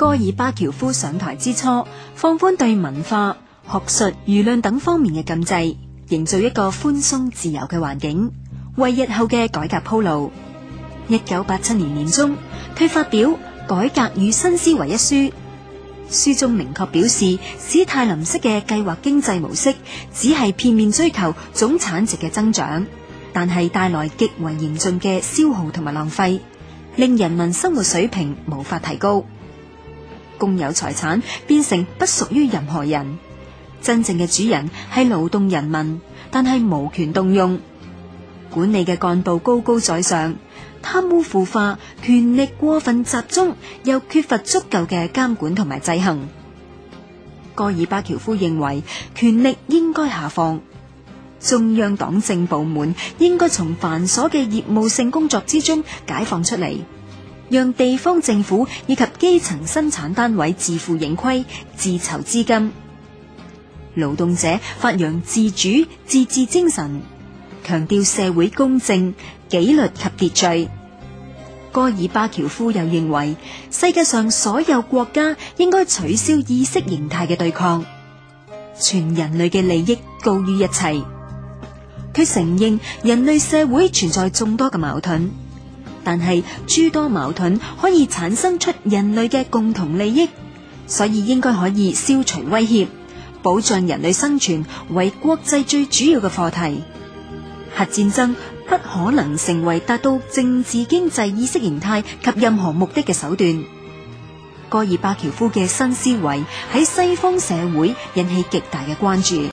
戈爾巴喬夫上台之初，放寬對文化、學術、輿論等方面嘅禁制，營造一個寬鬆自由嘅環境，為日後嘅改革鋪路。一九八七年年中，佢發表《改革與新思維》一書，書中明確表示，史泰林式嘅計劃經濟模式只係片面追求總產值嘅增長，但係帶來極為嚴峻嘅消耗同埋浪費，令人民生活水平無法提高。共有財產變成不屬於任何人，真正嘅主人係勞動人民，但係無權動用。管理嘅幹部高高在上，貪污腐化，權力過分集中，又缺乏足夠嘅監管同埋制衡。戈爾巴喬夫認為，權力應該下放，中央黨政部門應該從繁瑣嘅業務性工作之中解放出嚟。讓地方政府以及基層生產單位自負盈虧、自籌資金；勞動者發揚自主、自治精神，強調社會公正、紀律及秩序。戈爾巴喬夫又認為，世界上所有國家應該取消意識形態嘅對抗，全人類嘅利益高於一切。佢承認人類社會存在眾多嘅矛盾。但係諸多矛盾可以產生出人類嘅共同利益，所以應該可以消除威脅，保障人類生存為國際最主要嘅課題。核戰爭不可能成為達到政治經濟意識形態及任何目的嘅手段。戈爾巴喬夫嘅新思維喺西方社會引起極大嘅關注。